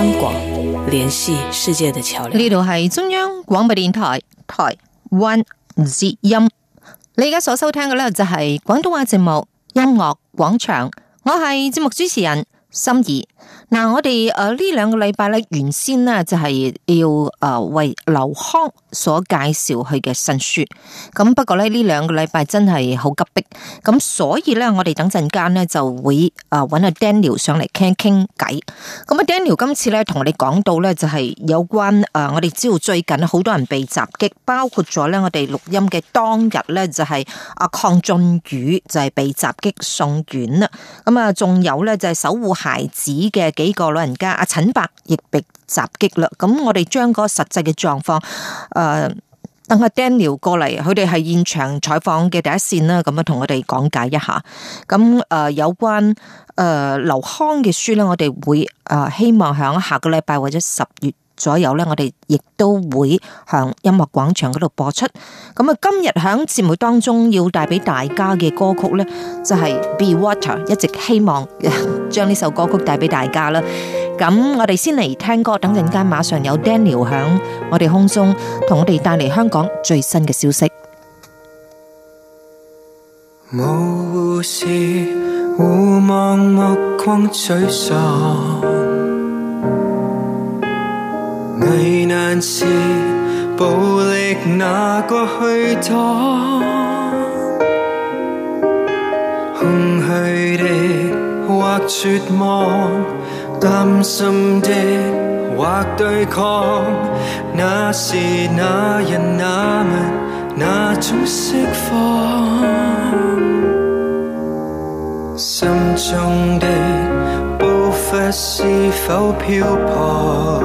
香港聯繫世界的橋梁。呢度係中央廣播電台台灣節音，你而家所收聽嘅呢就係廣東話節目《音樂廣場》，我係節目主持人心儀。.嗱，我哋誒呢兩個禮拜咧，原先呢就係要誒為劉康所介紹佢嘅新書。咁不過咧呢兩個禮拜真係好急迫，咁所以咧我哋等陣間咧就會誒揾阿 Daniel 上嚟傾傾偈。咁啊 Daniel 今次咧同我哋講到咧就係有關誒我哋知道最近好多人被襲擊，包括咗咧我哋錄音嘅當日咧就係阿鄺俊宇就係被襲擊送院啦。咁啊仲有咧就係守護孩子嘅。幾個老人家阿陳伯亦被襲擊啦，咁我哋將個實際嘅狀況誒，等、呃、阿 Daniel 過嚟，佢哋係現場採訪嘅第一線啦，咁啊同我哋講解一下。咁誒、呃、有關誒劉、呃、康嘅書咧，我哋會誒、呃、希望響下個禮拜或者十月。所有咧，我哋亦都會響音樂廣場嗰度播出。咁啊，今日響節目當中要帶俾大家嘅歌曲咧，就係 Be Water，一直希望將呢首歌曲帶俾大家啦。咁我哋先嚟聽歌，等陣間馬上有 Daniel 響我哋空中同我哋帶嚟香港最新嘅消息。無事互望目光，沮喪。危難時，暴力哪個去擋？空虛的或絕望，擔心的或對抗，那是哪人哪物哪種釋放？心中的步伐是否漂泊？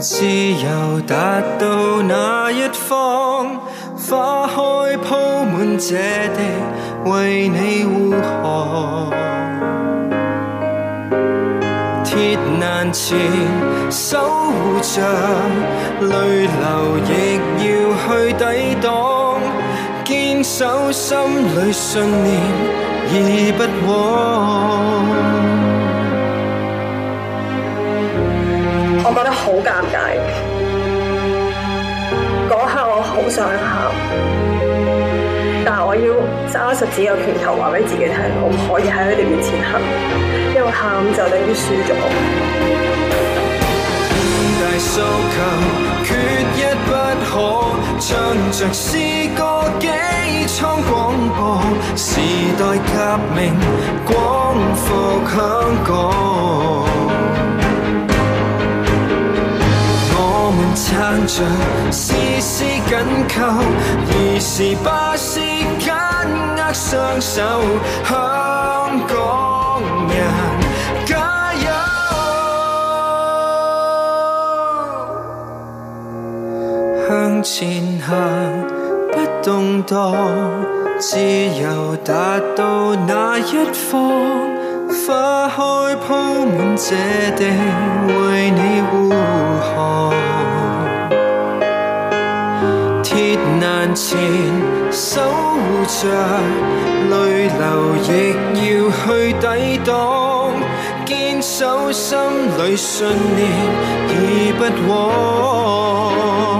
自由達到那一方，花開鋪滿這地，為你護航。鐵難纏，守着，淚流，亦要去抵擋，堅守心裏信念，已不枉。覺得好尷尬，嗰刻我好想喊，但係我要揸實自己嘅拳頭，話俾自己聽，我唔可以喺佢哋面前喊，因為喊就等於輸咗。五大訴求缺一不可，唱着詩歌機艙廣播，時代革命光復香港。撐着絲絲緊扣，而是把時間緊握雙手，香港人加油！ 向前行，不動盪，自由達到那一方，花開鋪滿這地，為你護航。前守護着，淚流亦要去抵擋，堅守心裏信念已不枉。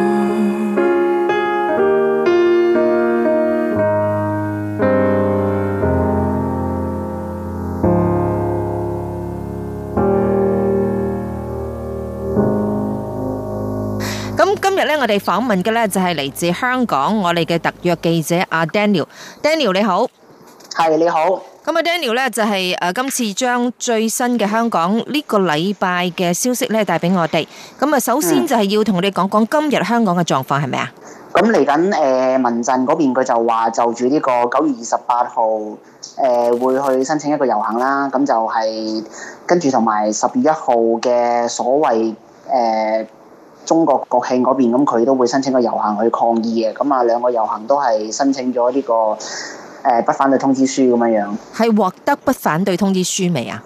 我哋訪問嘅咧就係嚟自香港我哋嘅特約記者阿 Daniel，Daniel 你好，係你好。咁啊 Daniel 咧就係誒今次將最新嘅香港呢個禮拜嘅消息咧帶俾我哋。咁啊首先就係要同你講講今日香港嘅狀況係咪啊？咁嚟緊誒民陣嗰邊佢就話就住呢個九月二十八號誒會去申請一個遊行啦。咁就係跟住同埋十月一號嘅所謂誒。中國國慶嗰邊，咁佢都會申請個遊行去抗議嘅，咁啊兩個遊行都係申請咗呢個誒不反對通知書咁樣樣。係獲得不反對通知書未啊？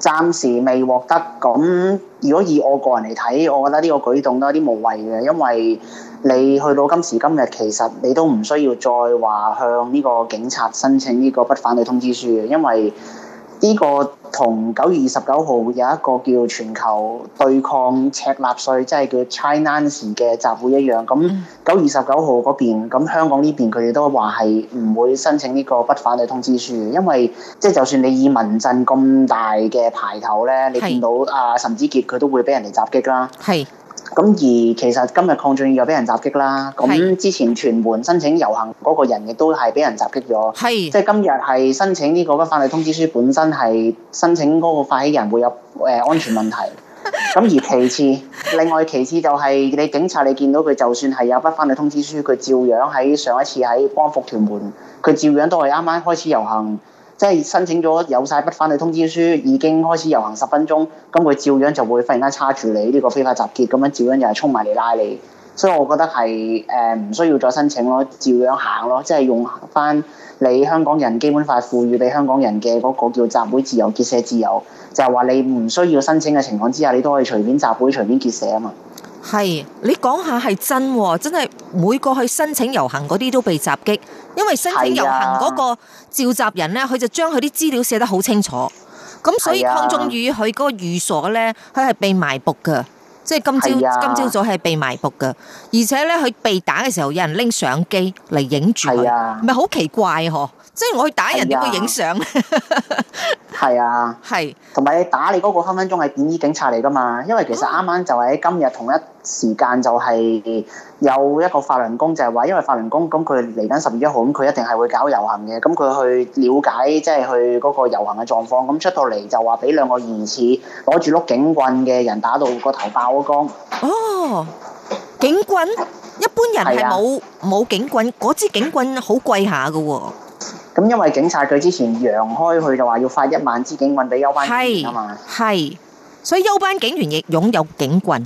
暫時未獲得。咁如果以我個人嚟睇，我覺得呢個舉動都有啲無謂嘅，因為你去到今時今日，其實你都唔需要再話向呢個警察申請呢個不反對通知書，因為呢個，同九月二十九號有一個叫全球對抗赤納粹，即係叫 Chinazi 嘅集會一樣。咁九月二十九號嗰邊，咁香港呢邊佢哋都話係唔會申請呢個不反對通知書，因為即係就算你以民陣咁大嘅牌頭咧，你見到啊岑子杰佢都會俾人哋襲擊啦。係。咁而其實今日鄺俊宇又俾人襲擊啦，咁是之前屯門申請遊行嗰個人亦都係俾人襲擊咗，是即係今日係申請呢個不反對通知書本身係申請嗰個發起人會有誒安全問題。咁 而其次，另外其次就係、是、你警察你見到佢就算係有不反對通知書，佢照樣喺上一次喺光復屯門，佢照樣都係啱啱開始遊行。即係申請咗有晒不反對通知書，已經開始遊行十分鐘，咁佢照樣就會忽然間叉住你呢個非法集結，咁樣照樣又係衝埋嚟拉你。所以我覺得係誒唔需要再申請咯，照樣行咯，即係用翻你香港人基本法賦予俾香港人嘅嗰個叫集會自由、結社自由，就係、是、話你唔需要申請嘅情況之下，你都可以隨便集會、隨便結社啊嘛。係你講下係真喎、哦，真係。每個去申請遊行嗰啲都被襲擊，因為申請遊行嗰個召集人呢，佢就將佢啲資料寫得好清楚。咁、啊、所以鄺俊宇，佢嗰個寓所呢，佢係被埋伏噶，即、就、係、是、今朝、啊、今朝早係被埋伏噶。而且呢，佢被打嘅時候，有人拎相機嚟，影住，唔咪好奇怪呵？即係我去打人，去影相。係啊，係同埋你打你嗰個分分鐘係便衣警察嚟噶嘛？因為其實啱啱就喺今日同一時間就係有一個法輪功，就係話，因為法輪功，咁佢嚟緊十月一號咁，佢一定係會搞遊行嘅。咁佢去了解即係去嗰個遊行嘅狀況。咁出到嚟就話俾兩個疑似攞住碌警棍嘅人打到個頭爆光。哦，警棍，一般人係冇冇警棍，嗰支警棍好貴下噶。咁因為警察佢之前揚開佢就話要發一萬支警棍俾休班警員，係，所以休班警員亦擁有警棍，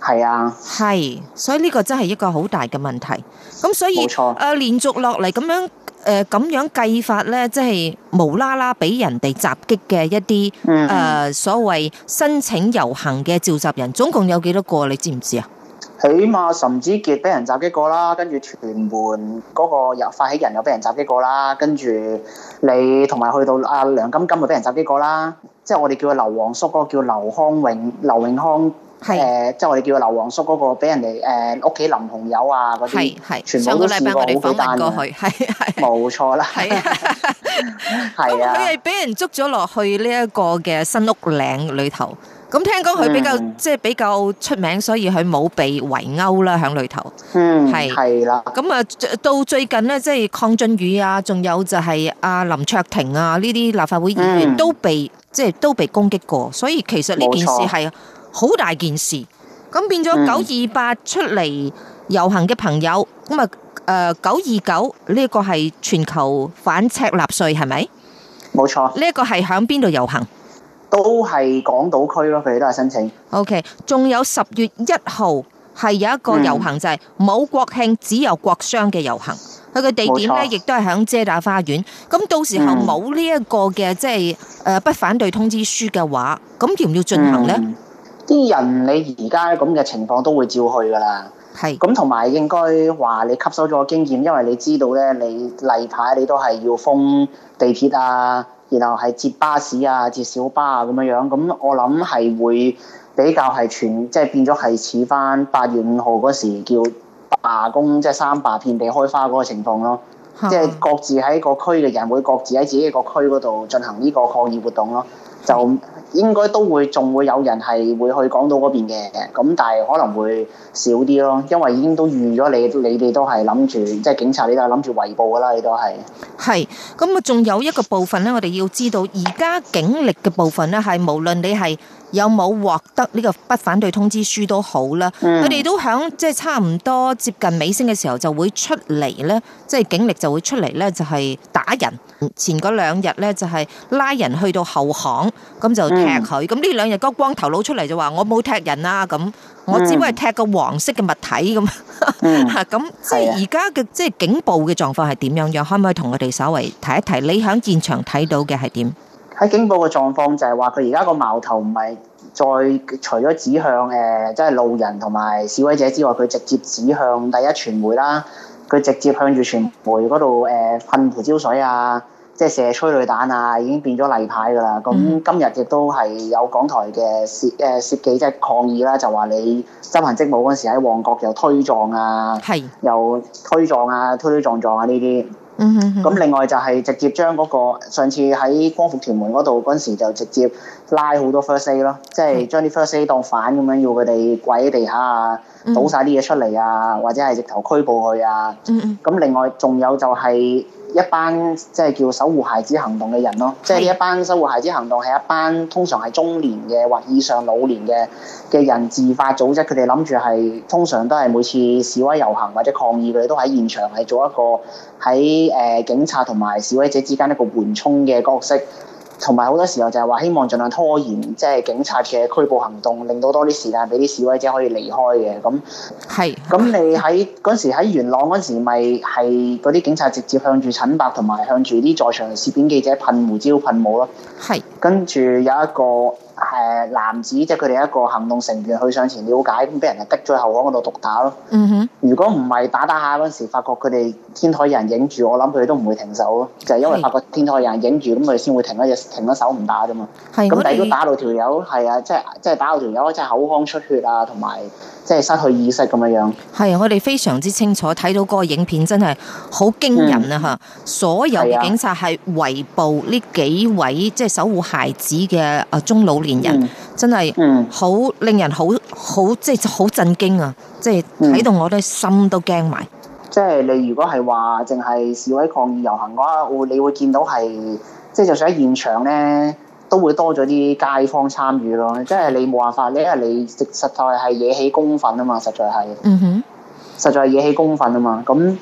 係啊，係，所以呢個真係一個好大嘅問題。咁所以冇錯，誒，啊，連續落嚟咁樣誒呃，咁樣計法咧，即係無啦啦俾人哋襲擊嘅一啲誒，嗯嗯，呃，所謂申請遊行嘅召集人，總共有幾多個你知唔知啊？起碼岑子杰俾人襲擊過啦，跟住屯門嗰個又發起人又俾人襲擊過啦，跟住你同埋去到阿梁金金又俾人襲擊過啦，即係我哋叫佢劉皇叔嗰個叫劉康永劉永康，誒即係我哋叫佢劉皇叔嗰個俾人哋誒屋企林紅友啊嗰啲，係係上個禮拜我哋訪問過去，係係冇錯啦，係啊，佢係俾人捉咗落去呢一個嘅新屋嶺裏頭。咁聽講佢比較、嗯、即係比較出名，所以佢冇被圍毆啦，響裏頭。嗯，係係啦。咁啊、嗯，到最近呢，即係鄺俊宇啊，仲有就係阿林卓廷啊呢啲立法會議員都被、嗯、即係都被攻擊過，所以其實呢件事係好大件事。咁冇錯，變咗九二八出嚟遊行嘅朋友，咁啊誒九二九呢個係全球反赤納粹係咪？冇錯。呢一個係響邊度遊行？都係港島區咯，佢哋都係申請。OK，仲有十月一號係有一個遊行，嗯、就係冇國慶，只有國殤嘅遊行。佢嘅地點咧，亦都係喺遮打花園。咁到時候冇呢一個嘅即係誒不反對通知書嘅話，咁要唔要進行呢？啲、嗯、人你而家咁嘅情況都會照去噶啦。係是。咁同埋應該話你吸收咗經驗，因為你知道咧，你例牌你都係要封地鐵啊。然後係接巴士啊，接小巴啊，咁樣樣，咁、嗯、我諗係會比較係全，即係變咗係似翻八月五號嗰時叫罷工，即係三罷遍地開花嗰個情況咯，即係的各自喺個區嘅人會各自喺自己個區嗰度進行呢個抗議活動咯，就。應該都會仲會有人係會去港島嗰邊嘅，咁但係可能會少啲咯，因為已經都預咗你，你哋都係諗住即係警察，你都係諗住圍捕㗎啦，你都係。係，咁啊，仲有一個部分呢，我哋要知道而家警力嘅部分呢，係無論你係。有冇獲得呢個不反對通知書都好啦，佢哋、嗯、都響即係差唔多接近尾聲嘅時候就會出嚟呢，即係警力就會出嚟呢就係打人。前嗰兩日呢，就係拉人去到後巷，咁就踢佢。咁呢兩日嗰個光頭佬出嚟就話我冇踢人啊，咁我只不過係踢個黃色嘅物體咁。咁即係而家嘅即係警暴嘅狀況係點樣樣？可唔可以同我哋稍微提一提？你響現場睇到嘅係點？喺警報嘅狀況就係話佢而家個矛頭唔係再除咗指向誒，即係路人同埋示威者之外，佢直接指向第一傳媒啦。佢直接向住傳媒嗰度誒噴胡椒水啊，即係射催淚彈啊，已經變咗例牌㗎啦。咁今日亦都係有港台嘅攝誒攝記即係抗議啦，就話你執行職務嗰時喺旺角又推撞啊，係是又推撞啊，推推撞撞啊呢啲。嗯，嗯，咁另外就係直接將嗰、嗰個上次喺光復屯門嗰度嗰陣時就直接拉好多 first aid 咯，嗯、即係將啲 first aid 當反咁樣，要佢哋跪喺地下啊。倒晒啲嘢出嚟啊，或者係直頭拘捕佢啊。咁 另外仲有就係一班即係叫守護孩子行動嘅人咯，即係呢一班守護孩子行動係一班通常係中年嘅或以上老年嘅嘅人自發組織，佢哋諗住係通常都係每次示威遊行或者抗議，佢哋都喺現場，係做一個喺誒警察同埋示威者之間一個緩衝嘅角色。同埋好多時候就係話希望盡量拖延，即係警察嘅拘捕行動，令到多啲時間俾啲示威者可以離開嘅。咁係，咁是你喺嗰的時喺元朗嗰時，咪係嗰啲警察直接向住陳伯同埋向住啲在場攝影記者噴胡椒噴霧咯。係的，跟住有一個。誒男子即係佢哋一個行動成員去上前了解，咁俾人誒逼咗後巷嗰度毒打咯。嗯哼、mm。Hmm. 如果唔係打打下嗰陣時，發覺佢哋天台有人影住，我諗佢哋都唔會停手咯。就係、是、因為發覺天台有人影住，咁佢哋先會停咗隻停咗手唔打啫嘛。咁但係都打到條友，係啊，即係即係打到條友即係口腔出血啊，同埋即係失去意識咁樣樣。係啊，我哋非常之清楚睇到嗰個影片，真係好驚人啊！嚇、嗯，啊、所有嘅警察係圍捕呢幾位即係、就是、守護孩子嘅啊中老年。年。嗯、令人真係、嗯、好令人好好即係好震驚啊！嗯、即係睇到我都心都驚埋。即係你如果係話淨係示威抗議遊行嘅話，你會見到係即係就算喺現場呢，都會多咗啲街坊參與咯。即係你冇辦法，你因為你實在係惹起公憤啊嘛，實在係。嗯哼，實在係惹起公憤啊嘛，咁。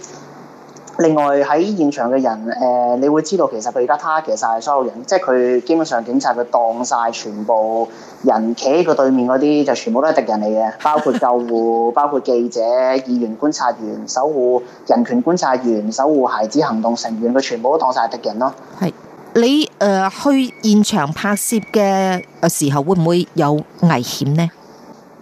另外喺現場嘅人，誒、呃，你會知道其實佢而家 target 晒所有人，即係佢基本上警察佢當晒全部人企喺個對面嗰啲就全部都係敵人嚟嘅，包括救護、 包括記者、議員觀察員、守護人權觀察員、守護孩子行動成員，佢全部都當晒敵人咯。係，你誒、呃、去現場拍攝嘅時候會唔會有危險呢？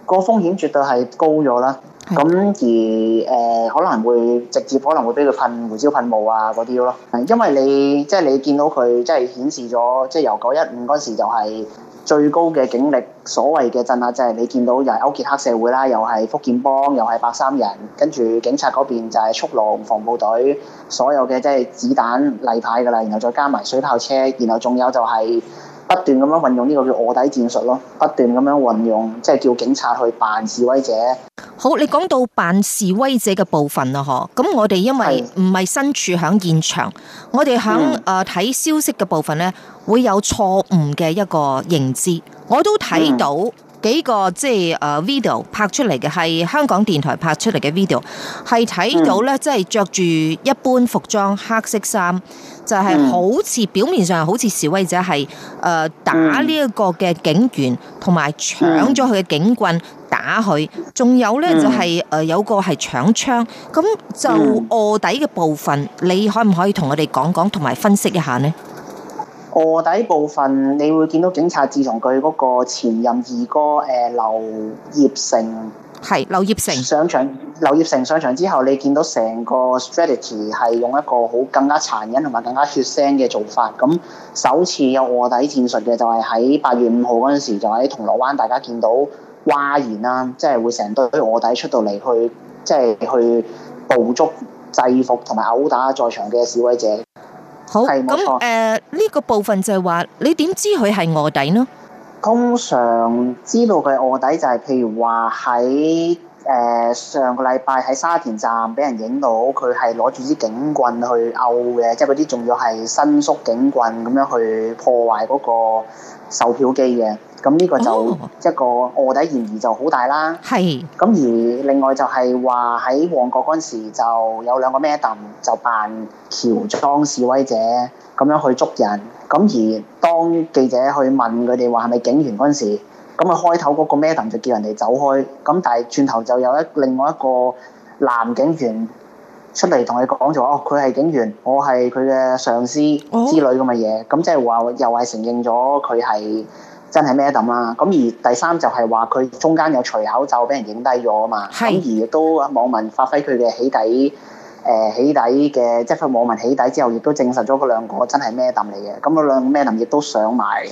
個風險絕對係高咗啦。咁、嗯、而誒、呃、可能會直接可能會俾佢噴胡椒噴霧啊嗰啲咯，因為你即係你見到佢即係顯示咗，即係由九一五嗰時就係最高嘅警力，所謂嘅鎮壓即係你見到又係勾結黑社會啦，又係福建幫，又係白衫人，跟住警察嗰邊就係速龍防暴隊，所有嘅即係子彈例牌噶啦，然後再加埋水炮車，然後仲有就係、是。不斷咁樣運用呢個叫臥底戰術咯，不斷咁樣運用，即、就、係、是、叫警察去扮示威者。好，你講到扮示威者嘅部分啦，嗬，咁我哋因為唔係身處響現場，是我哋響誒睇消息嘅部分呢，嗯、會有錯誤嘅一個認知，我都睇到、嗯。幾個即係誒 video 拍出嚟嘅係香港電台拍出嚟嘅 video，係睇到咧即係着住一般服裝黑色衫，就係、是、好似、嗯、表面上好似示威者係誒、呃、打呢一個嘅警員，同埋搶咗佢嘅警棍打佢，仲有咧、嗯、就係、是、誒、呃、有個係搶槍，咁就臥底嘅部分，你可唔可以同我哋講講同埋分析一下呢？臥底部分，你會見到警察自從佢個前任二哥誒劉業成，係劉業成上場，劉業成上場之後你見到成個 strategy 係用一個好更加殘忍同埋更加血腥嘅做法。咁首次有臥底戰術嘅就係喺八月五號陣時就喺銅鑼灣大家見到嘩然啦，即係會成堆臥底出到嚟去，即係去捕捉制服同埋毆打在場嘅示威者。好，咁誒呢個部分就係話，你點知佢係卧底呢？通常知道佢係卧底就係、是、譬如話喺誒上個禮拜喺沙田站俾人影到佢係攞住支警棍去拗嘅，即係嗰啲仲要係伸縮警棍咁樣去破壞嗰個售票機嘅。咁呢個就一個臥底嫌疑就好大啦。係是。咁而另外就係話喺旺角嗰陣時就有兩個 madam 就扮喬裝示威者咁樣去捉人。咁而當記者去問佢哋話係咪警員嗰陣時，咁啊開頭嗰個 madam 就叫人哋走開。咁但係轉頭就有一另外一個男警員出嚟同佢講咗：「哦，佢係警員，我係佢嘅上司之類咁嘅嘢。」咁即係話又係承認咗佢係。真係咩抌啦？咁而第三就係話佢中間有除口罩俾人影低咗啊嘛，咁是而亦都網民發揮佢嘅起底，誒、呃、起底嘅，即係佢網民起底之後，亦都證實咗嗰兩個真係咩抌嚟嘅。咁嗰兩個咩抌亦都上埋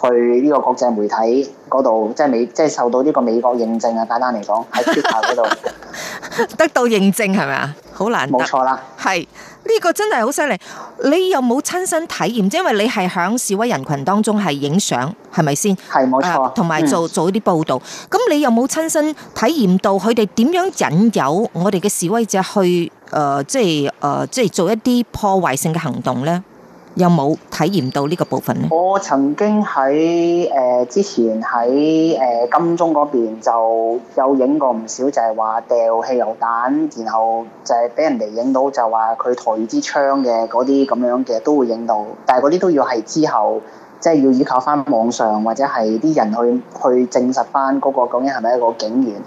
去呢個國際媒體嗰度，即係美，即係受到呢個美國認證啊！簡單嚟講，喺 Twitter 嗰度得到認證係咪啊？好難，冇錯啦，係。呢個真係好犀利，你有冇親身體驗？因為你係響示威人群當中係影相，係咪先？係冇錯，同埋，呃、做做一啲報道。咁、嗯、你有冇親身體驗到佢哋點樣引誘我哋嘅示威者去誒、呃，即係誒、呃，即係做一啲破壞性嘅行動咧？有冇體驗到呢個部分呢？我曾經喺誒、呃、之前喺誒、呃、金鐘嗰邊就有影過唔少，就係話掉汽油彈，然後就係俾人哋影到就話佢抬住支槍嘅嗰啲咁樣嘅都會影到，但係嗰啲都要係之後即係、就是、要依靠翻網上或者係啲人去去證實翻、那、嗰個究竟係咪一個警員。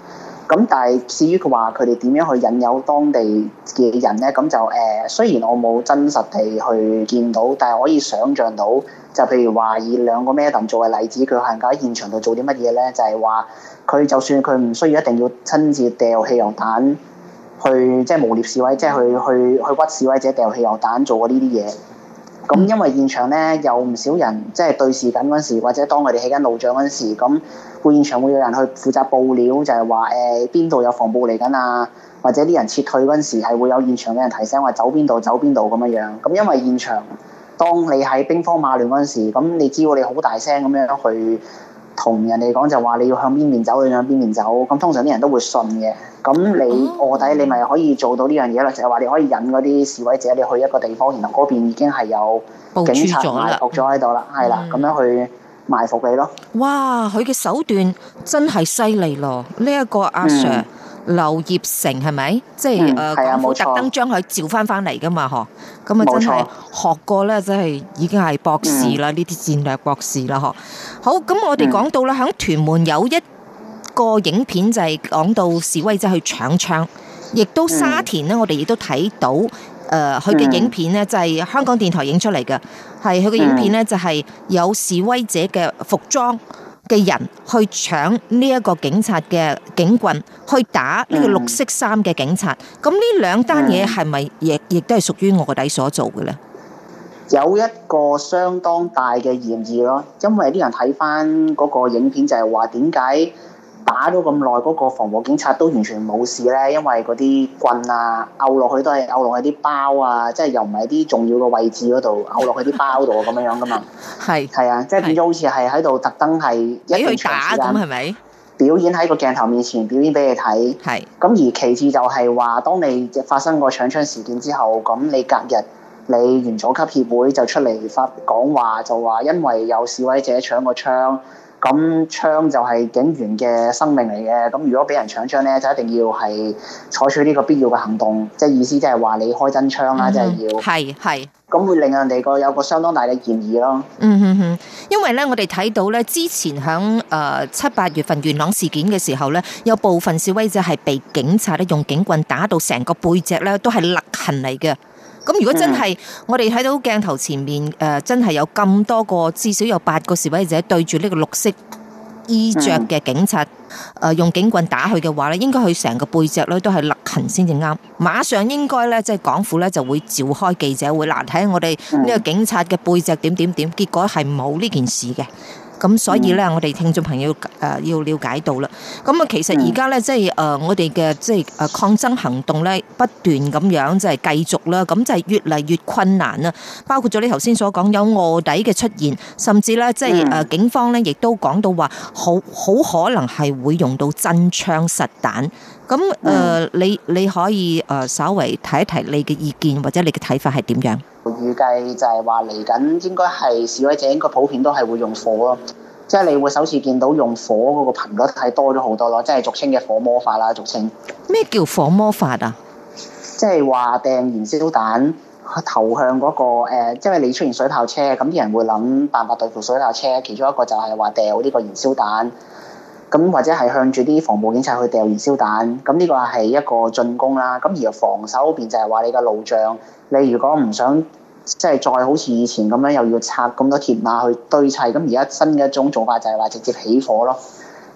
咁但係至於佢話佢哋點樣去引誘當地嘅人呢？咁就誒、呃、雖然我冇真實地去見到，但係可以想像到，就譬如話以兩個 Madam 做為例子，佢係唔夠喺現場度做啲乜嘢呢？就係話佢就算佢唔需要一定要親自掉汽油彈去即係誣衊示威，即、就、係、是、去去，去屈示威者掉汽油彈做過呢啲嘢。咁因為現場咧有唔少人，即係對視緊嗰時，或者當佢哋起緊路障嗰時，咁會現場會有人去負責報料，就係話誒、邊度有防暴嚟緊啊，或者啲人撤退嗰陣時係會有現場嘅人提醒話走邊度走邊度咁樣樣。咁因為現場，當你喺兵荒馬亂嗰陣時，咁你只要你好大聲咁樣去。同人哋講就話你要向邊邊走，要向邊邊走。咁通常啲人都會信嘅。咁你臥底，哦、你咪可以做到呢樣嘢啦。就係、是、話你可以引嗰啲示威者，你去一個地方，然後嗰邊已經係有警察埋伏咗喺度啦。係啦，咁樣去埋伏你咯。嗯、哇！佢嘅手段真係犀利咯。呢、這、一個阿 Sir。啊 s ir, 嗯劉業成係咪？即係誒，政府特登將佢召翻翻嚟噶嘛？嗬錯，咁啊真係學過咧，真、就、係、是、已經係博士啦，呢啲、嗯、戰略博士啦，嗬。好，咁我哋講到啦，喺、嗯、屯門有一個影片就係講到示威者去搶槍，亦都沙田呢。嗯、我哋亦都睇到誒，佢、呃、嘅影片呢，就係香港電台影出嚟嘅，係佢嘅影片呢，就係有示威者嘅服裝。嘅人去搶呢一個警察嘅警棍，去打呢個綠色衫嘅警察。咁呢、嗯、兩單嘢係咪亦亦都係屬於我個底所做嘅呢？有一個相當大嘅嫌疑咯，因為啲人睇翻嗰個影片就係話點解？打咗咁耐，嗰、那個防暴警察都完全冇事咧，因為嗰啲棍啊，拗落去都係拗落去啲包啊，即係又唔係啲重要嘅位置嗰度，拗落去啲包度咁樣樣噶嘛。係係 啊，即係變咗好似係喺度特登係一段時間，係咪表演喺個鏡頭面前表演俾你睇？係 是。咁而其次就係話，當你發生過搶槍事件之後，咁你隔日你員佐級協會就出嚟發講話，就話因為有示威者搶個槍。咁槍就係警員嘅生命嚟嘅，咁如果俾人搶槍呢，就一定要係採取呢個必要嘅行動，即係意思即係話你開真槍啦，即係要。係係、嗯，咁會令人哋個有個相當大嘅建議咯、嗯。嗯哼哼、嗯嗯，因為呢，我哋睇到呢，之前響誒七八月份元朗事件嘅時候呢，有部分示威者係被警察咧用警棍打到成個背脊咧都係勒痕嚟嘅。咁如果真係我哋睇到鏡頭前面誒、呃、真係有咁多個，至少有八個示威者對住呢個綠色衣着嘅警察誒、呃、用警棍打佢嘅話呢，應該佢成個背脊咧都係勒痕先至啱。馬上應該呢，即係港府呢就會召開記者會，嗱，睇下我哋呢個警察嘅背脊點點點，結果係冇呢件事嘅。咁所以咧，嗯、我哋聽眾朋友誒要、呃、要了解到啦。咁、嗯、啊，其實而家咧，即係誒我哋嘅即係誒抗爭行動咧，不斷咁樣，即係繼續啦，咁就係越嚟越困難啦。包括咗你頭先所講有臥底嘅出現，甚至咧即係誒警方咧，亦都講到話好好可能係會用到真槍實彈，咁誒、呃嗯、你你可以誒稍微提一提你嘅意見或者你嘅睇法係點樣？預計就係話嚟緊應該係示威者應該普遍都係會用火咯，即係你會首次見到用火嗰個頻率太多咗好多咯，即係俗稱嘅火魔法啦，俗稱咩叫火魔法啊？即係話掟燃燒彈投向嗰個誒，即係你出現水炮車，咁啲人會諗辦法對付水炮車，其中一個就係話掉呢個燃燒彈，咁或者係向住啲防暴警察去掉燃燒彈，咁呢個係一個進攻啦。咁而防守邊就係話你嘅路障，你如果唔想。即係再好似以前咁樣，又要拆咁多鐵馬去堆砌，咁而家新嘅一種做法就係話直接起火咯。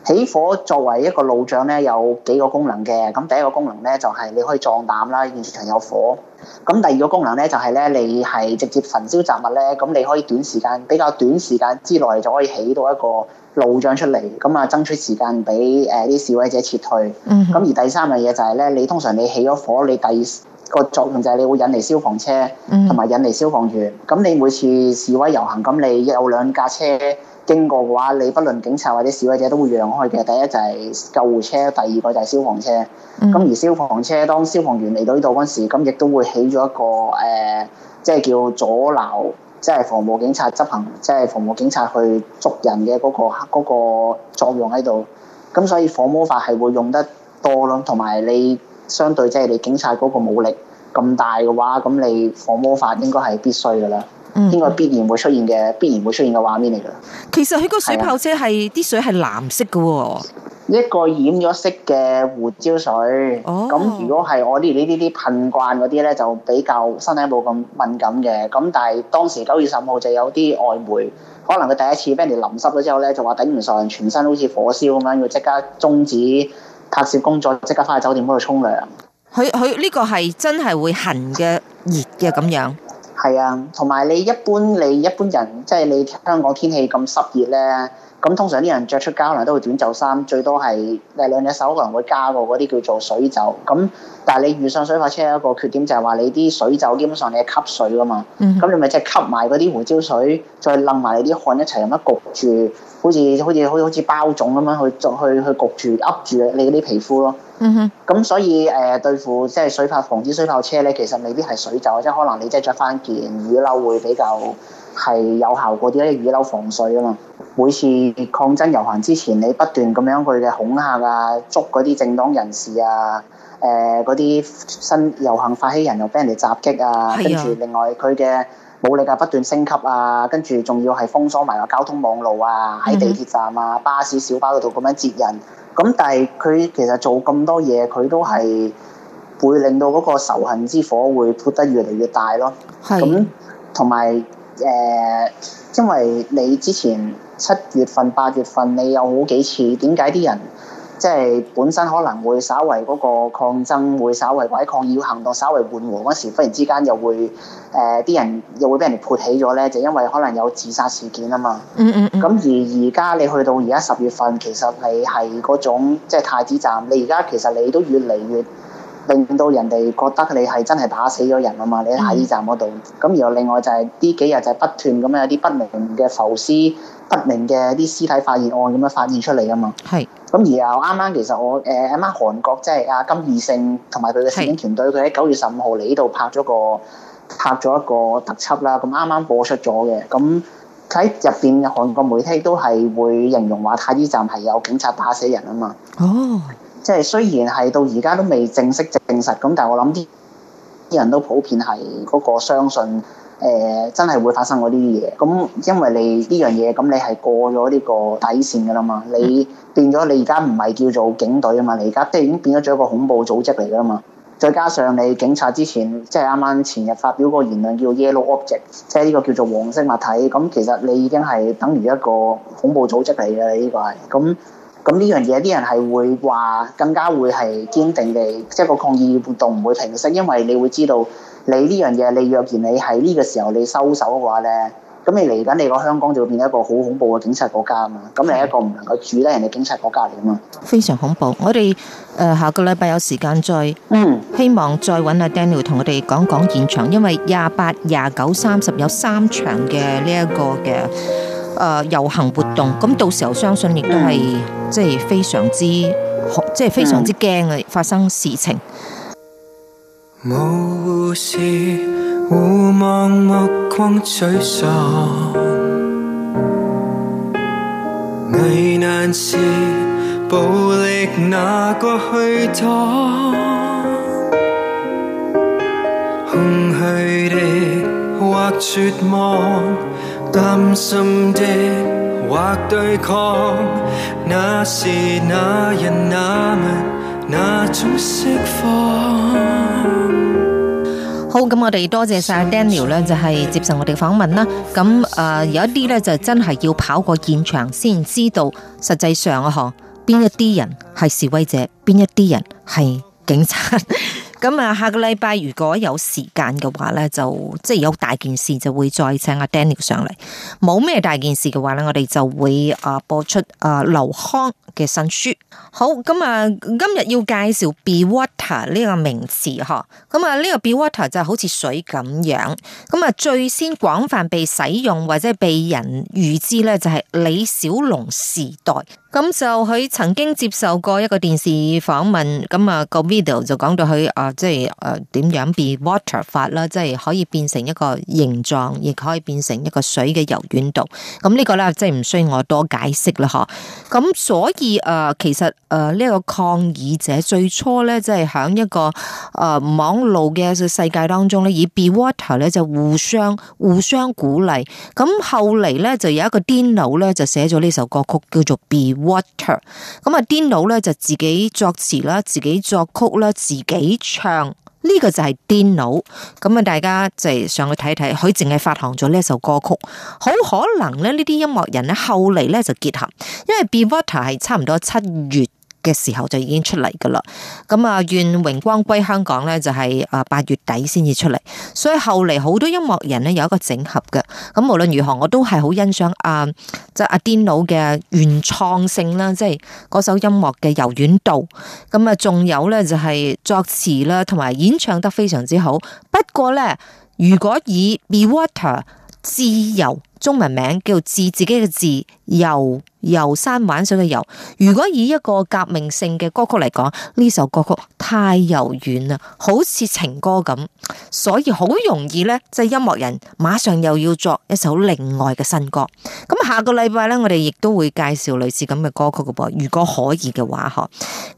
起火作為一個路障呢，有幾個功能嘅。咁第一個功能呢，就係、是、你可以壯膽啦，現場有火。咁第二個功能呢，就係呢，你係直接焚燒雜物呢。咁你可以短時間比較短時間之內就可以起到一個路障出嚟，咁啊爭取時間俾誒啲示威者撤退。嗯。咁而第三樣嘢就係、是、呢，你通常你起咗火，你第二個作用就係你會引嚟消防車，同埋引嚟消防員。咁你每次示威遊行，咁你有兩架車經過嘅話，你不論警察或者示威者都會讓開嘅。第一就係救護車，第二個就係消防車。咁而消防車當消防員嚟到呢度嗰時，咁亦都會起咗一個誒，即、呃、係、就是、叫阻撓，即、就、係、是、防暴警察執行，即、就、係、是、防暴警察去捉人嘅嗰、那個那個作用喺度。咁所以火魔法係會用得多咯，同埋你。相對即係你警察嗰個武力咁大嘅話，咁你火魔法應該係必須噶啦，嗯、應該必然會出現嘅，必然會出現嘅畫面嚟㗎。其實佢個水炮車係啲的水係藍色嘅喎、哦，一個染咗色嘅胡椒水。哦，咁如果係我哋呢啲啲噴慣嗰啲咧，就比較身體冇咁敏感嘅。咁但係當時九月十五號就有啲外媒，可能佢第一次畀人淋濕咗之後咧，就話頂唔上，全身好似火燒咁樣，要即刻中止。拍攝工作即刻翻去酒店嗰度沖涼，佢佢呢個係真係會痕嘅熱嘅咁樣。係啊，同埋你一般你一般人即係、就是、你香港天氣咁濕熱咧，咁通常啲人着出街可能都會短袖衫，最多係兩隻手可能會加個嗰啲叫做水袖。咁但係你遇上水炮車有一個缺點就係話你啲水袖基本上你係吸水噶嘛，咁、mm hmm. 你咪即係吸埋嗰啲胡椒水，再淋埋你啲汗一齊咁樣焗住。好似好似好似好似包種咁樣去去焗住噏住你嗰啲皮膚咯。 嗯哼。咁所以誒、呃、對付即係水炮防止水炮車咧，其實未必係水袖，即係可能你即係著翻件雨褸會比較係有效嗰啲咧，雨褸防水啊嘛。每次抗爭遊行之前，你不斷咁樣佢嘅恐嚇啊，捉嗰啲政黨人士啊，誒嗰啲新遊行發起人又俾人哋襲擊啊，跟住、啊、另外佢嘅。武力啊！不斷升級啊，跟住仲要係封鎖埋個交通網路啊，喺地鐵站啊、嗯、巴士、小巴嗰度咁樣截人。咁但係佢其實做咁多嘢，佢都係會令到嗰個仇恨之火會闊得越嚟越大咯。咁同埋誒，因為你之前七月份、八月份你有好幾次，點解啲人？即係本身可能會稍為嗰個抗爭，會稍為嗰啲抗議行動稍為緩和嗰時，忽然之間又會誒啲、呃、人又會俾人哋撥起咗咧，就因為可能有自殺事件啊嘛。嗯，嗯嗯。咁而而家你去到而家十月份，其實你係嗰種即係太子站，你而家其實你都越嚟越令到人哋覺得你係真係打死咗人啊嘛！你喺太子站嗰度，咁然後另外就係呢幾日就係不斷咁樣有啲不明嘅浮屍。不明嘅啲屍體發現案咁樣發現出嚟啊嘛，係是。咁而又啱啱其實我誒啱啱韓國即係阿金義聖同埋佢嘅攝影團隊，佢喺九月十五號嚟呢度拍咗個拍咗一個特輯啦。咁啱啱播出咗嘅，咁喺入邊嘅韓國媒體都係會形容話太子站係有警察打死人啊嘛。哦，即係雖然係到而家都未正式證實，咁但係我諗啲啲人都普遍係嗰個相信。誒、呃、真係會發生嗰啲嘢，咁、嗯、因為你呢樣嘢，咁、嗯、你係過咗呢個底線噶啦嘛，你變咗你而家唔係叫做警隊啊嘛，你而家即係已經變咗咗一個恐怖組織嚟噶啦嘛，再加上你警察之前即係啱啱前日發表嗰個言論叫 Yellow Object，即係呢個叫做黃色物體，咁、嗯、其實你已經係等於一個恐怖組織嚟噶，呢個係，咁咁呢樣嘢啲人係會話更加會係堅定地，即係個抗議活動唔會平息，因為你會知道。你呢樣嘢，你若然你喺呢個時候你收手嘅話呢，咁你嚟緊你個香港就會變一個好恐怖嘅警察國家啊嘛！咁你係一個唔能夠主宰人哋警察國家啊嘛！非常恐怖。我哋誒下個禮拜有時間再，嗯，希望再揾阿 Daniel 同我哋講講現場，因為廿八、廿九、三十有三場嘅呢一個嘅誒遊行活動，咁到時候相信亦都係即係非常之即係非常之驚嘅發生事情。模糊時互望目光沮喪，危難時暴力哪個去擋？空虛的或絕望，擔心的或對抗，那是那人那物那種釋放？好，咁我哋多謝晒 Daniel，就係接受我哋訪問啦。咁、呃、有一啲咧就真係要跑過現場先知道實際，實際上啊，邊一啲人係示威者，邊一啲人係警察。 咁啊，下個禮拜如果有時間嘅話咧，就即係有大件事就會再請阿 Daniel 上嚟。冇咩大件事嘅話咧，我哋就會啊播出啊劉康嘅新書。好，咁啊今日要介紹 Be Water 呢個名詞嗬，咁啊呢個 Be Water 就好似水咁樣。咁啊最先廣泛被使用或者被人預知咧，就係李小龍時代。咁就佢曾經接受過一個電視訪問，咁、那、啊個 video 就講到佢啊，即係誒點樣 be water 法啦，即係可以變成一個形狀，亦可以變成一個水嘅柔軟度。咁呢個咧即係唔需要我多解釋啦，嗬。咁所以誒、啊、其實誒呢、啊這個抗議者最初咧，即係響一個誒、啊、網路嘅世界當中咧，以 be water 咧就互相互相鼓勵，咁後嚟咧就有一個 Daniel 咧就寫咗呢首歌曲叫做 Be。Water，咁啊癲佬咧就自己作詞啦，自己作曲啦，自己唱，呢、呢個就係癲佬。咁啊，大家就係上去睇睇，佢淨係發行咗呢一首歌曲，好可能咧呢啲音樂人咧後嚟咧就結合，因為 Be Water 係差唔多七月。嘅時候就已經出嚟噶啦，咁啊願榮光歸香港咧就係啊八月底先至出嚟，所以後嚟好多音樂人咧有一個整合嘅，咁無論如何我都係好欣賞啊即係阿癲佬嘅原創性啦，即係嗰首音樂嘅柔軟度，咁啊仲有咧就係作詞啦，同埋演唱得非常之好，不過咧如果以 Be Water 自游，中文名叫自自己嘅自遊遊山玩水嘅遊。如果以一個革命性嘅歌曲嚟講，呢首歌曲太柔軟啦，好似情歌咁，所以好容易咧，即係音樂人馬上又要作一首另外嘅新歌。咁下個禮拜咧，我哋亦都會介紹類似咁嘅歌曲嘅噃。如果可以嘅話，嗬，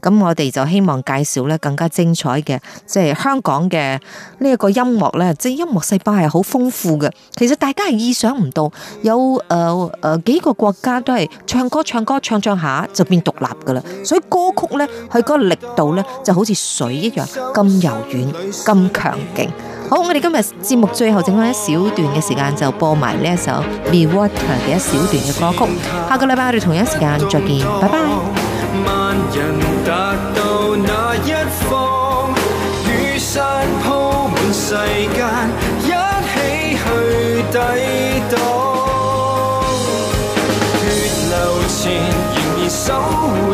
咁我哋就希望介紹咧更加精彩嘅，即係香港嘅呢一個音樂咧，即係音樂細胞係好豐富嘅。其實大家係意想唔到。有誒誒幾個國家都係唱歌唱歌唱唱下就變獨立噶啦，所以歌曲呢，佢個力度呢就好似水一樣咁柔軟咁強勁。好，我哋今日節目最後剩返一小段嘅時間就播埋呢一首《Be Water》嘅一小段嘅歌曲。下個禮拜我哋同一時間再見，拜拜。